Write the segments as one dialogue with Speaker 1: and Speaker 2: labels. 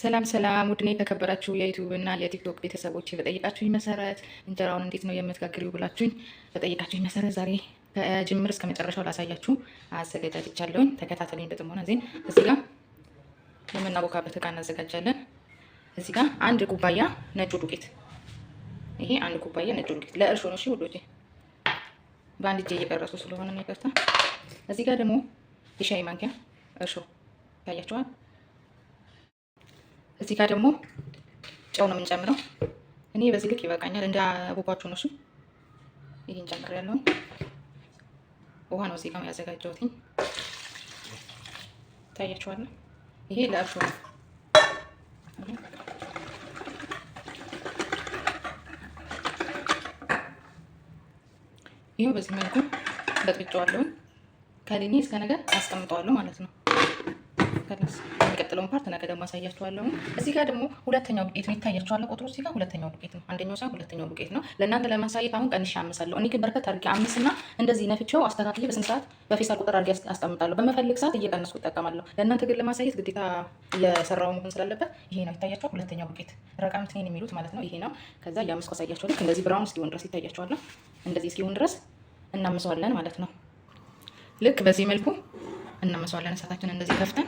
Speaker 1: ሰላም ሰላም ውድኔ የተከበራችሁ የዩቱብ እና የቲክቶክ ቤተሰቦች በጠይቃችሁኝ መሰረት እንጀራውን እንዴት ነው የምትጋግሪው ብላችሁኝ በጠይቃችሁኝ መሰረት ዛሬ ከጅምር እስከ መጨረሻው ላሳያችሁ አዘጋጃጅቻለሁኝ። ተከታተሉኝ በጥሞና ዜን። እዚህ ጋ የምናቦካበት እቃ እናዘጋጃለን። እዚህ ጋ አንድ ኩባያ ነጩ ዱቄት፣ ይሄ አንድ ኩባያ ነጩ ዱቄት ለእርሾ ነው። እሺ ውዶቼ፣ በአንድ እጄ እየቀረሱ ስለሆነ ይቅርታ። እዚህ ጋ ደግሞ የሻይ ማንኪያ እርሾ ታያችኋል። እዚህ ጋር ደግሞ ጨው ነው የምንጨምረው። እኔ በዚህ ልክ ይበቃኛል። እንደ አቦባችሁ ነው እሱ። ይህን ጨምር ያለውን ውሃ ነው እዚህ ጋር ያዘጋጀሁትኝ። ታያችኋል። ይሄ ለእርሾ ነው። ይህ በዚህ መልኩ በጥብጨዋለሁ። ከድኔ እስከ ነገር አስቀምጠዋለሁ ማለት ነው። ከላስ የሚቀጥለውን ፓርት ነገ ደግሞ አሳያችኋለሁ። እዚህ ጋር ደግሞ ሁለተኛው ዱቄት ነው ይታያችኋል። ቁጥሩ እዚህ ጋር ሁለተኛው ዱቄት ነው፣ አንደኛው ሳይሆን ሁለተኛው ዱቄት ነው። ለእናንተ ለማሳየት አሁን ቀንሼ አምሳለሁ። እኔ ግን በርከት አድርጌ አምስት እና እንደዚህ ነፍቼው አስተካክዬ በስንት ሰዓት በፌስታል ቁጥር አድርጌ አስቀምጣለሁ። በመፈልግ ሰዓት እየቀነስኩ እጠቀማለሁ። ለእናንተ ግን ለማሳየት ግዴታ የሰራው መሆን ስላለበት ይሄ ነው ይታያችኋል። ሁለተኛው ዱቄት ረቃምት ነው የሚሉት ማለት ነው። ይሄ ነው። ከዛ እያመስኩ አሳያችኋለሁ። እንደዚህ ብራውን እስኪሆን ድረስ ይታያችኋለሁ። እንደዚህ እስኪሆን ድረስ እናምሰዋለን ማለት ነው። ልክ በዚህ መልኩ እናመሰዋለን። እሳታችን እንደዚህ ከፍተን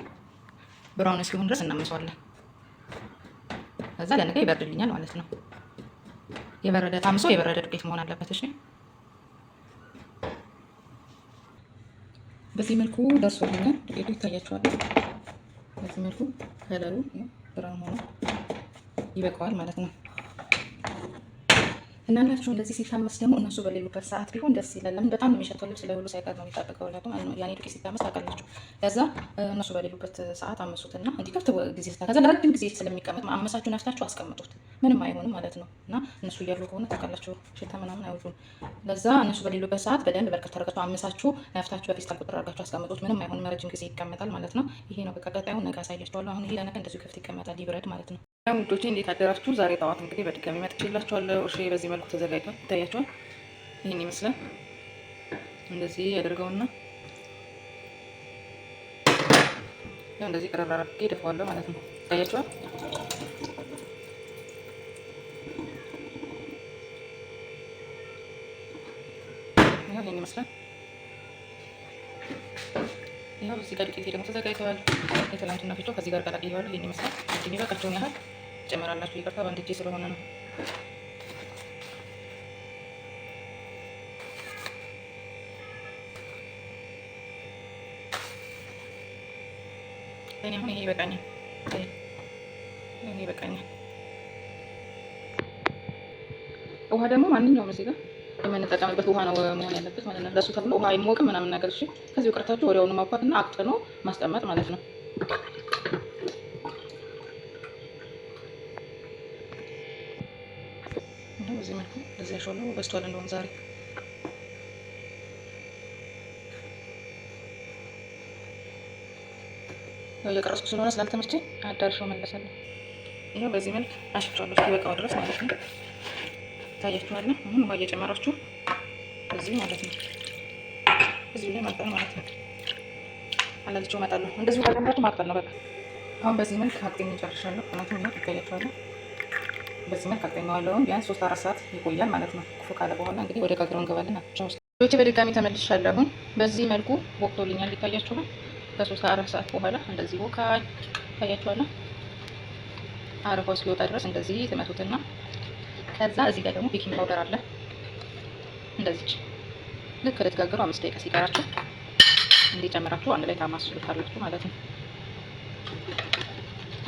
Speaker 1: ብራውን እስኪሆን ድረስ እናመሰዋለን። ከዛ ለነገ ይበርድልኛል ማለት ነው። የበረደ ታምሶ የበረደ ዱቄት መሆን አለበት። እሺ በዚህ መልኩ ደርሶልኛል። ዱቄቱ ይታያቸዋል። በዚህ መልኩ ከለሩ ብራውን ሆኖ ይበቃዋል ማለት ነው። እናንዳችሁ እንደዚህ ሲታመስ ደግሞ እነሱ በሌሉበት ሰዓት ቢሆን ደስ ይላል። ለምን በጣም የሚሸተው ልብስ ለሁሉ ሳይቀር ነው የሚጣበቀው። ለቱም ያኔ ዱቄት ሲታመስ ታውቃላችሁ። ከዛ እነሱ በሌሉበት ሰዓት አመሱትና እንዲከፍት ጊዜ ከዛ ለረጅም ጊዜ ስለሚቀመጥ አመሳችሁ ነፍታችሁ አስቀምጡት። ምንም አይሆንም ማለት ነው። እና እነሱ እያሉ ከሆነ ታውቃላችሁ ሽታ ምናምን አይወዱም። ለዛ እነሱ በሌሉበት ሰዓት በደንብ በርከት ተረጋግቶ አመሳችሁ ነፍታችሁ በፊት ቁጥር አድርጋችሁ አስቀምጡት። ምንም አይሆንም። ረጅም ጊዜ ይቀመጣል ማለት ነው። ይሄ ነው በቃ። ቀጣዩን ነገ አሳያችኋለሁ። አሁን ይሄ ለነገ እንደዚሁ ከፍት ይቀመጣል፣ ይብረድ ማለት ነው። ውዶቼ እንዴት አደራችሁ? ዛሬ ጠዋት እንግዲህ በድጋሚ መጥቼላችኋለሁ። እሺ በዚህ መልኩ ተዘጋጅቷል፣ ይታያችኋል። ይህን ይመስላል። እንደዚህ ያደርገውና እንደዚህ ቀረራ አድርጌ ደፋዋለሁ ማለት ነው። ይታያችኋል። ይህን ይመስላል። ይኸው እዚህ ጋር ዱቄቴ ደግሞ ተዘጋጅተዋል። የትናንትና ፊቶ ከዚህ ጋር ቀላቅየዋለሁ። ይህን ይመስላል። ይበቃቸውን ያህል ትጨምራላችሁ። ይቅርታ በአንድ እጄ ስለሆነ ነው። እኔ አሁን ይሄ ይበቃኛል፣ ይሄ ይበቃኛል። ውሃ ደግሞ ማንኛውም እዚህ የምንጠቀምበት ውሃ ነው መሆን ያለበት ማለት ነው። ለእሱ ተብሎ ውሃ አይሞቅም ምናምን ነገር። እሺ፣ ከዚህ ቀርታችሁ ወዲያውኑ ማውጣትና አቅጥኖ ማስቀመጥ ማለት ነው። ነው። በዚህ መልኩ እንደዚህ አሸዋለሁ። በስቷል እንደሆነ ዛሬ የቀረጽኩ ስለሆነ ስላልተመቸኝ አዳርሾ መለሳለሁ እና በዚህ መልክ አሸፍራለሁ እስኪበቃው ድረስ ማለት ነው። ታያችኋል። አሁን ውሃ እየጨመራችሁ እዚህ ማለት ነው እዚህ ላይ ማቅጠል ማለት ነው። አላልቸው እመጣለሁ። እንደዚህ ውሃ ጨምራችሁ ማቅጠል ነው በቃ። አሁን በዚህ መልክ አቅጥኝ ጨርሻለሁ። ምክንያቱም ይሄ ይታያችኋል በዚህ መልክ አልጠኘዋለሁ። ቢያንስ ሶስት አራት ሰዓት ይቆያል ማለት ነው። ክፉ ካለ በኋላ እንግዲህ ወደ ጋግረው እንገባለን። ዶቼ በድጋሚ ተመልሻለሁ። በዚህ መልኩ ወቅቶልኛል። ሊታያችሁ ከሶስት አራት ሰዓት በኋላ እንደዚህ ወካ ይታያችኋል። አረፋ እስኪወጣ ድረስ እንደዚህ ትመቱትና ከዛ እዚህ ጋር ደግሞ ቤኪንግ ፓውደር አለ። እንደዚች ልክ ልትጋግሩ አምስት ደቂቃ ሲቀራችሁ እንዲጨምራችሁ አንድ ላይ ታማስሉታላችሁ ማለት ነው።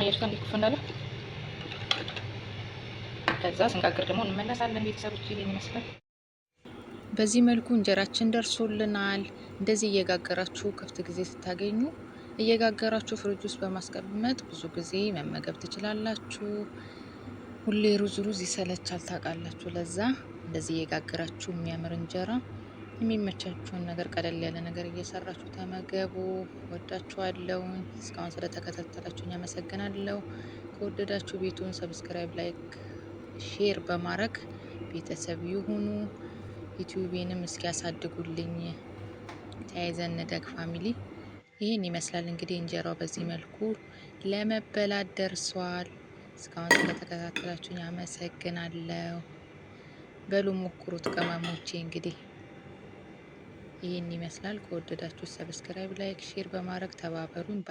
Speaker 1: አያችሁ እንዲህ ኩፍ እንዳለ ከዛ ስንጋግር ደግሞ እንመለሳለን። ቤተሰቦች ይሄን ይመስላል።
Speaker 2: በዚህ መልኩ እንጀራችን ደርሶልናል። እንደዚህ እየጋገራችሁ ክፍት ጊዜ ስታገኙ እየጋገራችሁ ፍሪጅ ውስጥ በማስቀመጥ ብዙ ጊዜ መመገብ ትችላላችሁ። ሁሌ ሩዝ ሩዝ ይሰለቻል ታውቃላችሁ። ለዛ እንደዚህ እየጋገራችሁ የሚያምር እንጀራ የሚመቻችሁን ነገር ቀለል ያለ ነገር እየሰራችሁ ተመገቡ። ወዳችኋለውን። እስካሁን ስለተከታተላችሁኝ አመሰግናለሁ። ከወደዳችሁ ቤቱን ሰብስክራይብ፣ ላይክ ሼር በማድረግ ቤተሰብ ይሁኑ። ዩቲዩቤንም እስኪያሳድጉልኝ ተያይዘን እንደግ ፋሚሊ። ይህን ይመስላል እንግዲህ እንጀራው በዚህ መልኩ ለመበላት ደርሷል። እስካሁን ስለተከታተላችሁኝ አመሰግናለሁ። በሉ ሞክሩት ቅመሞቼ። እንግዲህ ይህን ይመስላል። ከወደዳችሁ ሰብስክራይብ፣ ላይክ፣ ሼር በማድረግ ተባበሩን።